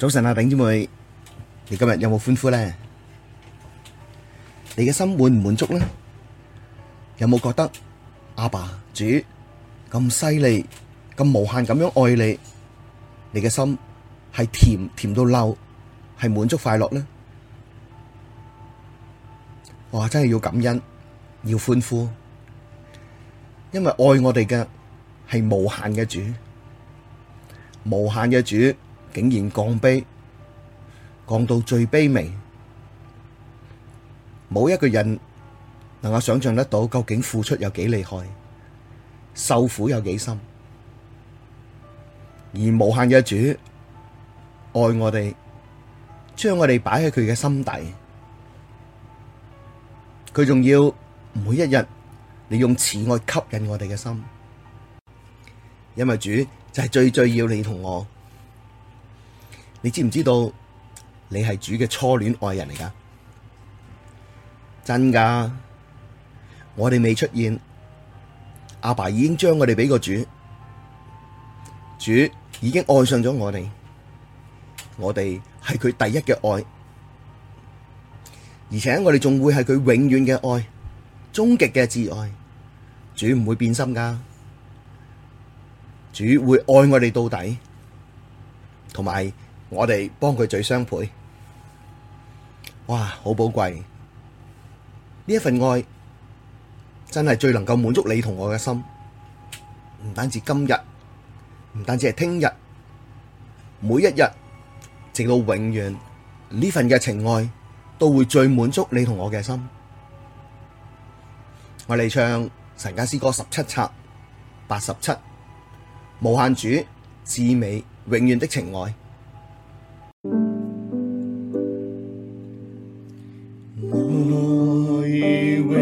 早晨啊，頂姐妹，你今日有冇歡呼咧？你嘅心滿唔滿足咧？有冇覺得阿爸主咁犀利、咁無限咁樣愛你？你嘅心係甜甜到嬲，係滿足快樂咧？哇！真係要感恩，要歡呼，因為愛我哋嘅係無限嘅主，無限嘅主，竟然降卑，降到最卑微，冇一個人能夠想象得到究竟付出有幾厲害，受苦有幾深，而無限嘅主愛我哋，將我哋擺喺佢嘅心底，佢仲要每一日，利用慈愛吸引我哋嘅心，因為主就係最最要你同我。你知唔知道你係主嘅初戀愛人嚟噶？真噶，我哋未出現，阿爸已經將我哋俾個主，主已經愛上咗我哋，我哋係佢第一嘅愛，而且我哋仲會係佢永遠嘅愛，終極嘅至愛，主唔會變心噶，主會愛我哋到底，同埋。我哋幫佢最相配。哇，好寶貴！呢一份愛真係最能夠滿足你同我嘅心，唔單止今日，唔單止係聽日，每一日，直到永遠，呢份嘅情愛都會最滿足你同我嘅心。我哋唱神家詩歌十七冊八十七，無限主至美永遠的情愛。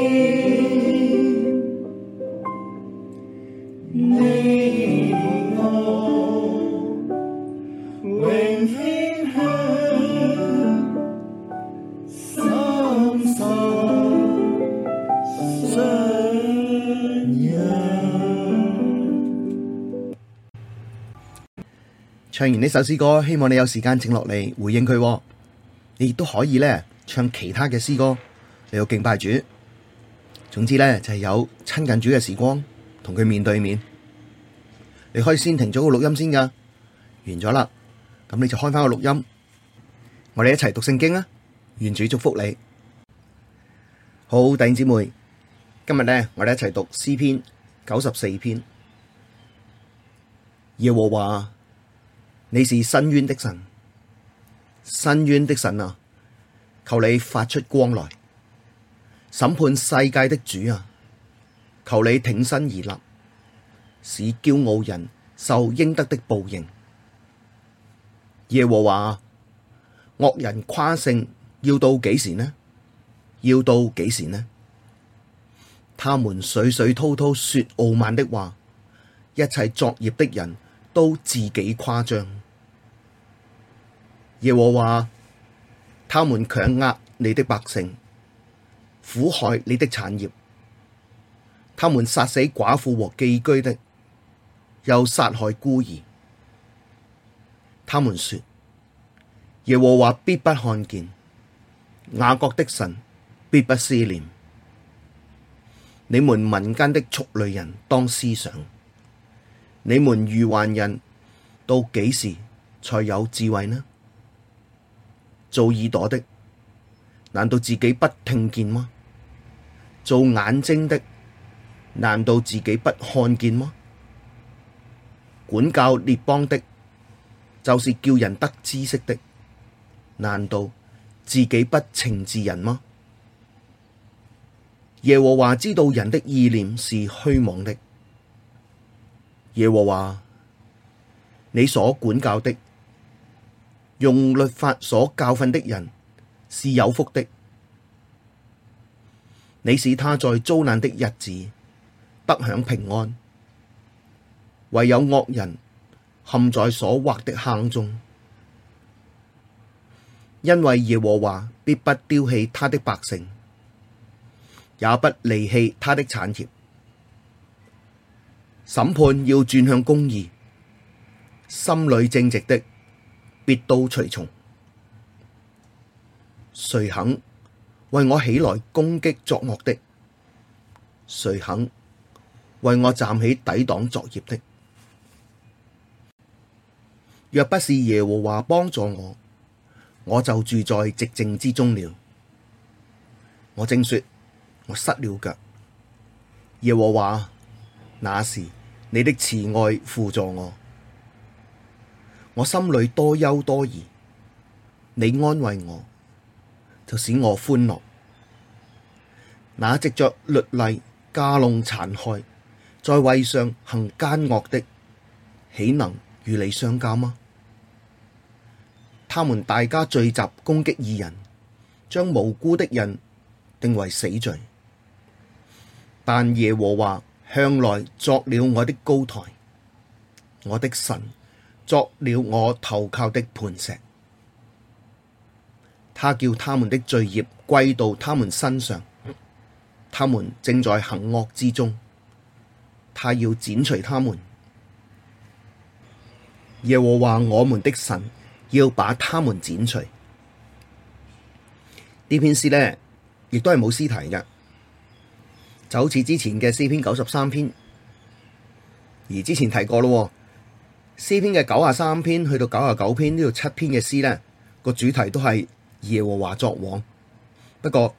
你我永甜享心心相印。唱完呢首詩歌，希望你有時間靜落嚟，回應佢。你亦都可以咧唱其他嘅詩歌，你要敬拜主。總之咧，就係、是、有親近主嘅時光，同佢面對面。你可以先停咗個錄音先噶，完咗啦，咁你就開翻個錄音。我哋一齊讀聖經啊！願主祝福你。好，弟兄姊妹，今日咧，我哋一齊讀詩篇九十四篇。耶和華，你是伸冤的神，伸冤的神啊，求你發出光來。審判世界的主啊，求你挺身而立，使驕傲人受應得的報應。耶和華，惡人誇勝要到幾時呢？要到幾時呢？他們絮絮叨叨說傲慢的話，一切作孽的人都自己誇張。耶和華，他們強壓你的百姓。苦害你的產業，他們殺死寡婦和寄居的，又殺害孤兒。他們說：耶和華必不看見，雅各的神必不思念。你們民間的畜類人當思想，你們愚幻人到幾時才有智慧呢？造耳朵的，難道自己不聽見嗎？造眼睛的，難道自己不看見嗎？管教列邦的，就是叫人得知識的，難道自己不懲治人嗎？耶和華知道人的意念是虛妄的。耶和華，你所管教的，用律法所教訓的人是有福的。你使他在遭難的日子得享平安，唯有惡人陷在所挖的坑中，因為耶和華必不丟棄他的百姓，也不離棄他的產業。審判要轉向公義，心裡正直的，必都隨從，誰肯為我起來攻擊作惡的，誰肯為我站起抵擋作孽的？若不是耶和華幫助我，我就住在寂靜之中了。我正說，我失了腳，耶和華，那時你的慈愛扶助我，我心裡多憂多疑，你安慰我。就使我歡樂。那藉着律例、架弄殘害，在位上行奸惡的，豈能與你相交嗎？他們大家聚集攻擊義人，將無辜的人定為死罪。但耶和華向來作了我的高台，我的神作了我投靠的磐石。他叫他們的罪孽歸到他們身上，他們正在行惡之中。他要剪除他們。耶和華我們的神要把他們剪除。呢篇詩呢，亦都係冇詩題嘅，就好似之前嘅詩篇九十三篇，而之前提過咯。詩篇嘅九啊三篇去到九啊九篇呢度七篇嘅詩呢個主題都係。耶和華作王，不過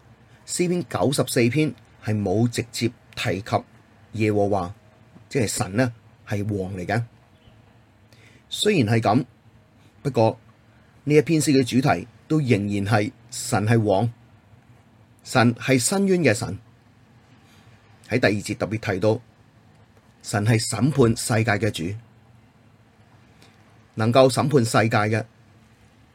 詩篇九十四篇係冇直接提及耶和華，即係神呢係王嚟嘅。雖然係咁，不過呢一篇詩嘅主題都仍然係神係王，神係伸冤嘅神。喺第二節特別提到，神係審判世界嘅主，能夠審判世界嘅。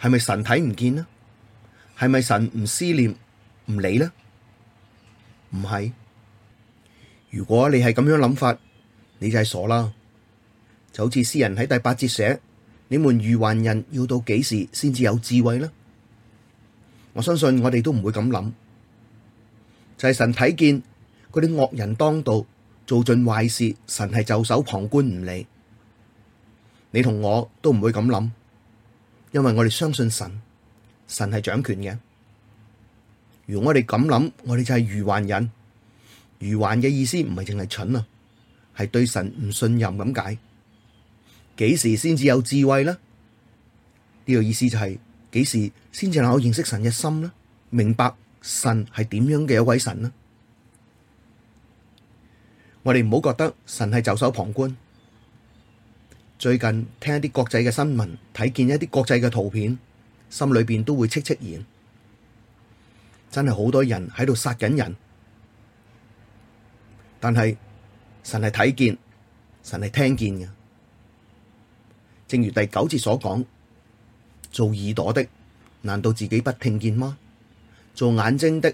係咪神睇唔見呢？係咪神唔思念、唔理呢？唔係。如果你係咁樣諗法，你就係傻啦。就好似詩人喺第八節寫：你們愚頑人要到幾時先至有智慧呢？我相信我哋都唔會咁諗。就係神睇見嗰啲惡人當道做盡壞事，神係袖手旁觀唔理。你同我都唔會咁諗。因為我哋相信神，神係掌權嘅。如果我哋咁諗，我哋就係愚頑人。愚頑嘅意思唔係淨係蠢啊，係對神唔信任咁解。幾時先至有智慧呢？呢個意思就係幾時先至能夠認識神嘅心呢？明白神係點樣嘅一位神呢？我哋唔好覺得神係袖手旁觀。最近聽一啲國際嘅新聞，睇見一啲國際嘅圖片，心裏邊都會戚戚然。真係好多人喺度殺緊人，但係神係睇見，神係聽見嘅。正如第九節所講，造耳朵的，難道自己不聽見嗎？造眼睛的，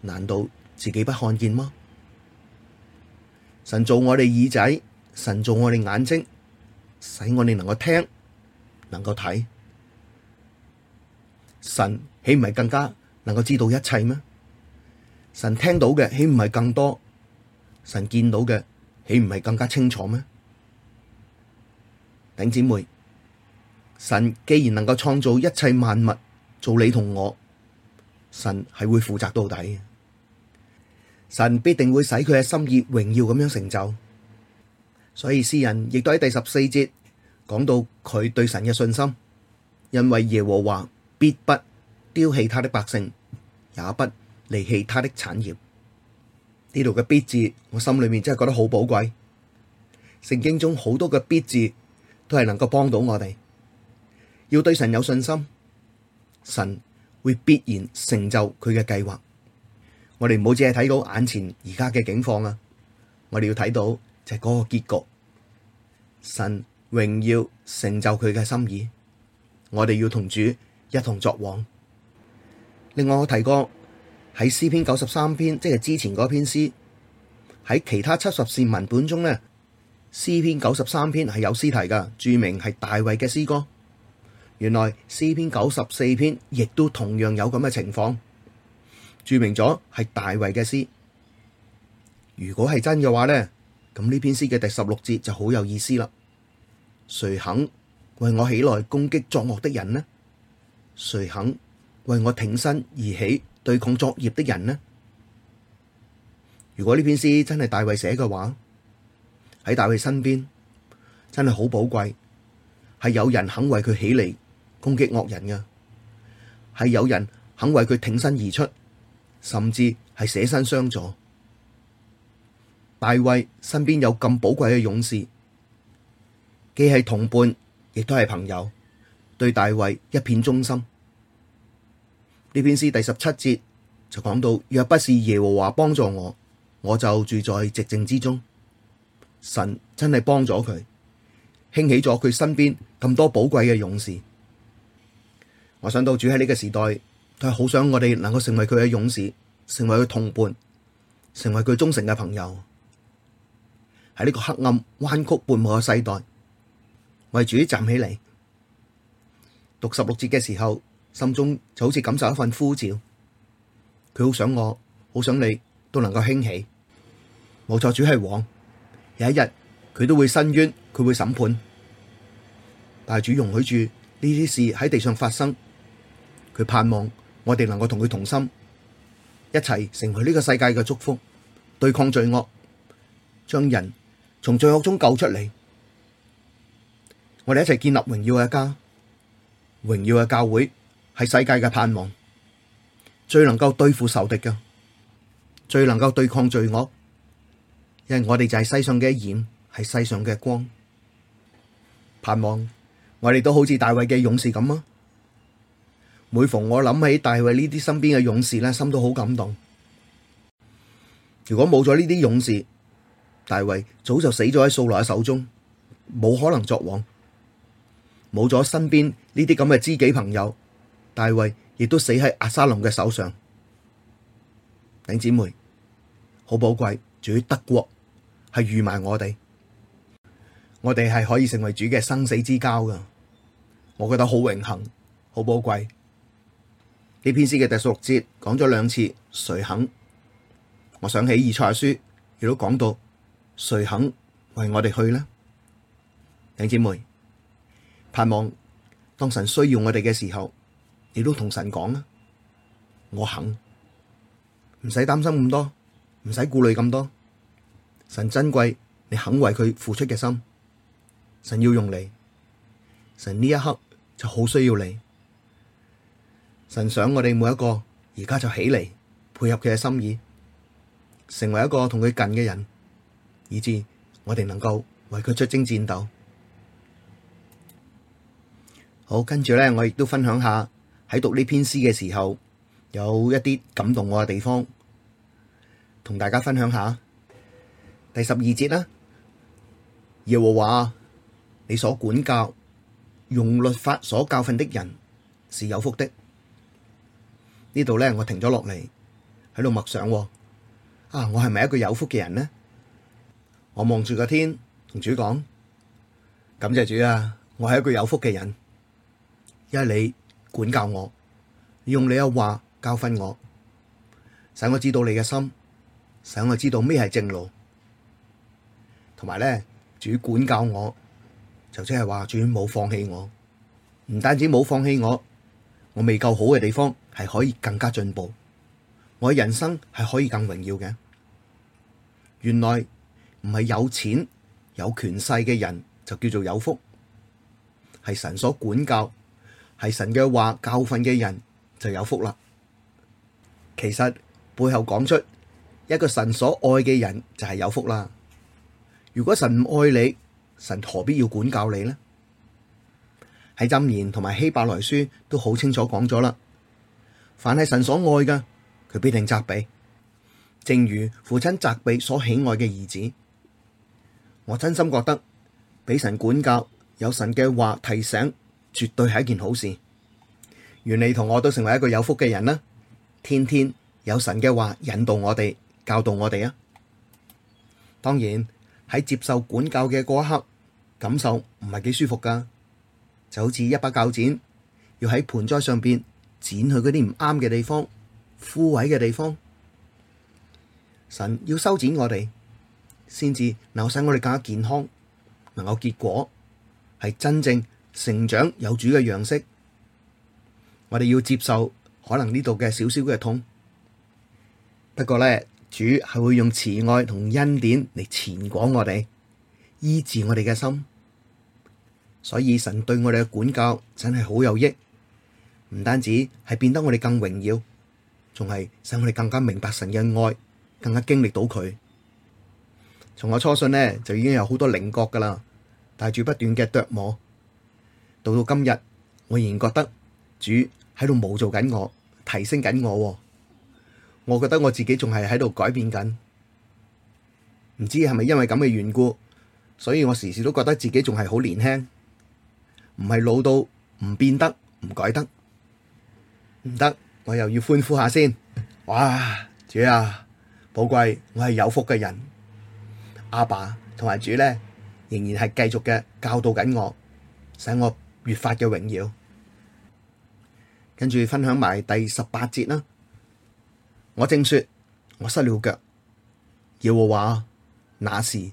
難道自己不看見嗎？神造我哋耳仔，神造我哋眼睛。使我哋能夠聽，能夠睇，神豈唔係更加能夠知道一切咩？神聽到嘅豈唔係更多？神見到嘅豈唔係更加清楚咩？頂姊妹，神既然能夠創造一切萬物，做你同我，神係會負責到底嘅。神必定會使佢嘅心意榮耀咁樣成就。所以詩人亦都喺第十四節講到佢對神嘅信心，因為耶和華必不丟棄他的百姓，也不離棄他的產業。呢度嘅必字，我心裡面真係覺得好寶貴。聖經中好多嘅必字都係能夠幫到我哋，要對神有信心，神會必然成就佢嘅計劃。我哋唔好只係睇到眼前而家嘅境況啊，我哋要睇到。就係個結局，神榮耀成就佢嘅心意。我哋要同主一同作王。另外，我提過喺詩篇九十三篇，即係之前嗰篇詩，喺其他七十士文本中呢，詩篇九十三篇係有詩題噶，注明係大衛嘅詩歌。原來詩篇九十四篇亦都同樣有咁嘅情況，注明咗係大衛嘅詩。如果係真嘅話呢？咁呢篇詩嘅第十六節就好有意思啦！誰肯為我起來攻擊作惡的人呢？誰肯為我挺身而起對抗作孽的人呢？如果呢篇詩真係大衛寫嘅話，喺大衛身邊真係好寶貴，係有人肯為佢起嚟攻擊惡人嘅，係有人肯為佢挺身而出，甚至係捨身相助。大衛身邊有咁寶貴嘅勇士，既係同伴，亦都係朋友，對大衛一片忠心。呢篇詩第十七節就講到：若不是耶和華幫助我，我就住在寂靜之中。神真係幫咗佢，興起咗佢身邊咁多寶貴嘅勇士。我想到主喺呢個時代，佢好想我哋能夠成為佢嘅勇士，成為佢同伴，成為佢忠誠嘅朋友。喺呢個黑暗彎曲悖謬嘅世代，為主站起嚟，讀十六節嘅時候，心中就好似感受一份呼召，佢好想我，好想你都能夠興起。冇錯，主係王，有一日佢都會伸冤，佢會審判，但係主容許住呢啲事喺地上發生。佢盼望我哋能夠同佢同心，一齊成為呢個世界嘅祝福，對抗罪惡，將人。從罪惡中救出嚟，我哋一齊建立榮耀嘅家。榮耀嘅教會係世界嘅盼望，最能夠對付仇敵嘅，最能夠對抗罪惡，因為我哋就係世上嘅鹽，係世上嘅光。盼望我哋都好似大衛嘅勇士咁啊！每逢我諗起大衛呢啲身邊嘅勇士呢，心都好感動。如果冇咗呢啲勇士，大衛早就死咗喺掃羅嘅手中，冇可能作王。冇咗身邊呢啲咁嘅知己朋友，大衛亦都死喺押沙龍嘅手上。弟兄姊妹，好寶貴，主德國係預埋我哋，我哋係可以成為主嘅生死之交噶。我覺得好榮幸，好寶貴。呢篇詩嘅第十六節講咗兩次誰肯，我想起以賽亞書亦都講到。誰肯為我哋去呢？弟兄姊妹，盼望當神需要我哋嘅時候，你都同神講啦，我肯，唔使擔心咁多，唔使顧慮咁多。神珍貴你肯為佢付出嘅心，神要用你，神呢一刻就好需要你。神想我哋每一個而家就起嚟，配合佢嘅心意，成為一個同佢近嘅人。以至我哋能夠為佢出征戰鬥。好，跟住咧，我亦都分享下。喺讀呢篇詩嘅時候，有一啲感動我嘅地方，同大家分享下。第十二節啦，耶和華，你所管教、用律法所教訓的人是有福的。呢度咧，我停咗落嚟，喺度默想，啊，我係咪一個有福嘅人呢？我望住個天，同主講：感謝主啊，我係一個有福嘅人，因為你管教我，用你嘅話教訓我，使我知道你嘅心，使我知道咩係正路。同埋咧，主管教我，就即係話主冇放棄我，唔單止冇放棄我，我未夠好嘅地方係可以更加進步，我嘅人生係可以更榮耀嘅。原來。唔係有錢有權勢嘅人就叫做有福，係神所管教，係神嘅話教訓嘅人就有福啦。其實背後講出一個神所愛嘅人就係、是、有福啦。如果神唔愛你，神何必要管教你呢？喺《箴言》同埋《希伯來書》都好清楚講咗啦。凡係神所愛嘅，佢必定責備，正如父親責備所喜愛嘅兒子。我真心覺得畀神管教，有神嘅話提醒，絕對係一件好事。願你同我都成為一個有福嘅人啦，天天有神嘅話引導我哋，教導我哋啊。當然喺接受管教嘅嗰一刻，感受唔係幾舒服噶，就好似一把鉸剪，要喺盆栽上邊剪去嗰啲唔啱嘅地方、枯萎嘅地方。神要修剪我哋。先至能夠使我哋更加健康，能夠結果係真正成長，有主嘅樣式。我哋要接受可能呢度嘅少少嘅痛，不過咧，主係會用慈愛同恩典嚟纏裹我哋，醫治我哋嘅心。所以神對我哋嘅管教真係好有益，唔單止係變得我哋更榮耀，仲係使我哋更加明白神嘅愛，更加經歷到佢。從我初信呢，就已經有好多稜角㗎喇，帶住不斷嘅琢磨，到到今日，我仍然覺得主喺度冇做緊我，提升緊我。我覺得我自己仲係喺度改變緊，唔知係咪因為咁嘅緣故，所以我時時都覺得自己仲係好年輕，唔係老到唔變得唔改得唔得，我又要歡呼下先。哇！主啊，寶貴，我係有福嘅人。阿爸同埋主咧，仍然係繼續嘅教導緊我，使我越發嘅榮耀。跟住分享埋第十八節啦。我正說，我失了腳，要我話，那時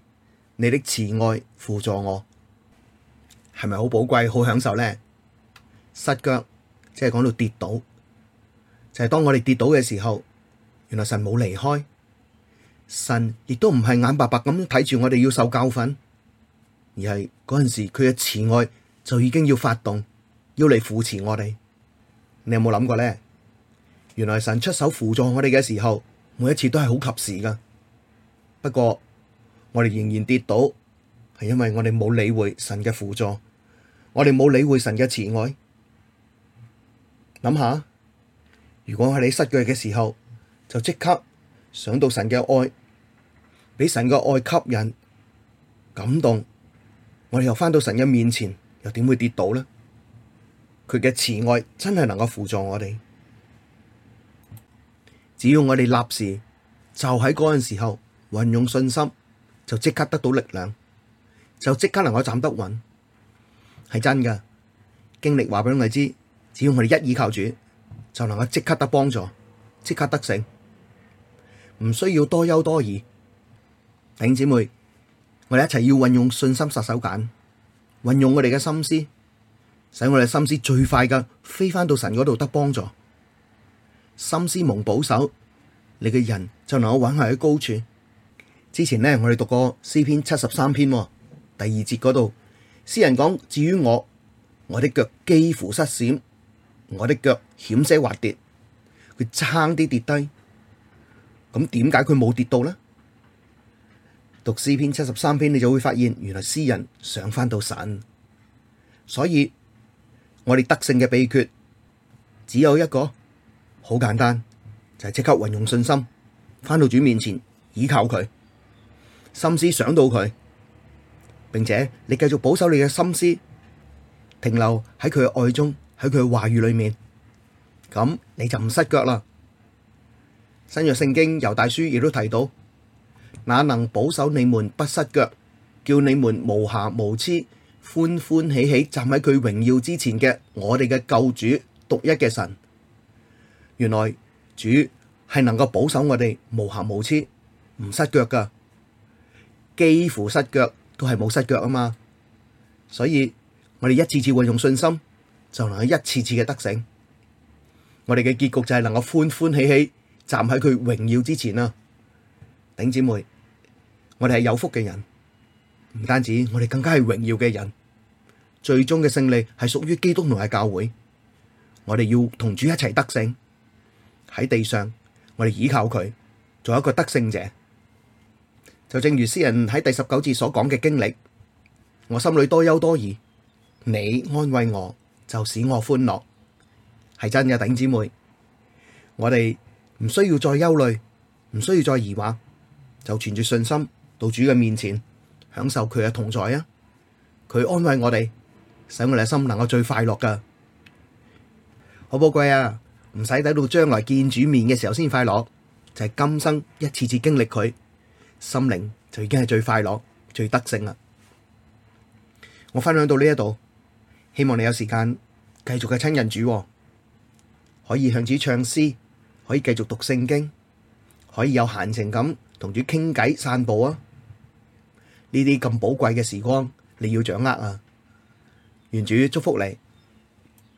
你的慈愛扶助我，係咪好寶貴、好享受呢？失腳即係講到跌倒，就係、是、當我哋跌倒嘅時候，原來神冇離開。神亦都唔係眼白白咁睇住，我哋要受教訓，而係嗰陣時佢嘅慈愛就已經要發動，要嚟扶持我哋。你有冇諗過呢？原來神出手扶助我哋嘅時候，每一次都係好及時噶。不過我哋仍然跌倒，係因為我哋冇理會神嘅輔助，我哋冇理會神嘅慈愛。諗下，如果係你失腳嘅時候，就即刻。想到神嘅愛，俾神嘅愛吸引、感動，我哋又翻到神嘅面前，又點會跌倒呢？佢嘅慈愛真係能夠扶助我哋，只要我哋立時就喺嗰陣時候運用信心，就即刻得到力量，就即刻能夠站得穩，係真噶。經歷話俾我哋知，只要我哋一依靠主，就能夠即刻得幫助，即刻得勝。唔需要多憂多疑，弟兄姐妹，我哋一齊要運用信心殺手鐧，運用我哋嘅心思，使我哋心思最快嘅飛返到神嗰度得幫助。心思蒙保守，你嘅人就能夠穩係喺高處。之前咧，我哋讀過詩篇七十三篇、哦、第二節嗰度，詩人講：至於我，我的腳幾乎失閃，我的腳險些滑跌，佢差啲跌低。咁點解佢冇跌到呢？讀詩篇七十三篇，你就會發現，原來詩人想翻到神，所以我哋得勝嘅秘訣只有一個，好簡單，就係即刻運用信心，翻到主面前倚靠佢，心思想到佢，並且你繼續保守你嘅心思，停留喺佢嘅愛中，喺佢嘅話語裏面，咁你就唔失腳啦。新約聖經猶大書亦都提到，那能保守你們不失腳，叫你們無瑕無疵，歡歡喜喜站喺佢榮耀之前嘅我哋嘅救主獨一嘅神。原來主係能夠保守我哋無瑕無疵，唔失腳噶，幾乎失腳都係冇失腳啊嘛。所以我哋一次次運用信心，就能夠一次次嘅得勝。我哋嘅結局就係能夠歡歡喜喜。站喺佢榮耀之前啊，頂姊妹，我哋係有福嘅人，唔單止我哋更加係榮耀嘅人。最終嘅勝利係屬於基督嘅教會，我哋要同主一齊得勝喺地上。我哋倚靠佢，做一個得勝者。就正如詩人喺第十九節所講嘅經歷，我心裡多憂多疑，你安慰我，就使我歡樂，係真嘅。頂姊妹，我哋。唔需要再憂慮，唔需要再疑惑，就存住信心到主嘅面前，享受佢嘅同在啊！佢安慰我哋，使我哋嘅心能夠最快樂噶，好寶貴啊！唔使等到將來見主面嘅時候先快樂，就係、是、今生一次次經歷佢，心靈就已經係最快樂、最得勝啦！我分享到呢一度，希望你有時間繼續嘅親近主，可以向主唱詩。可以繼續讀聖經，可以有閒情咁同主傾偈散步啊！呢啲咁寶貴嘅時光，你要掌握啊！願主祝福你。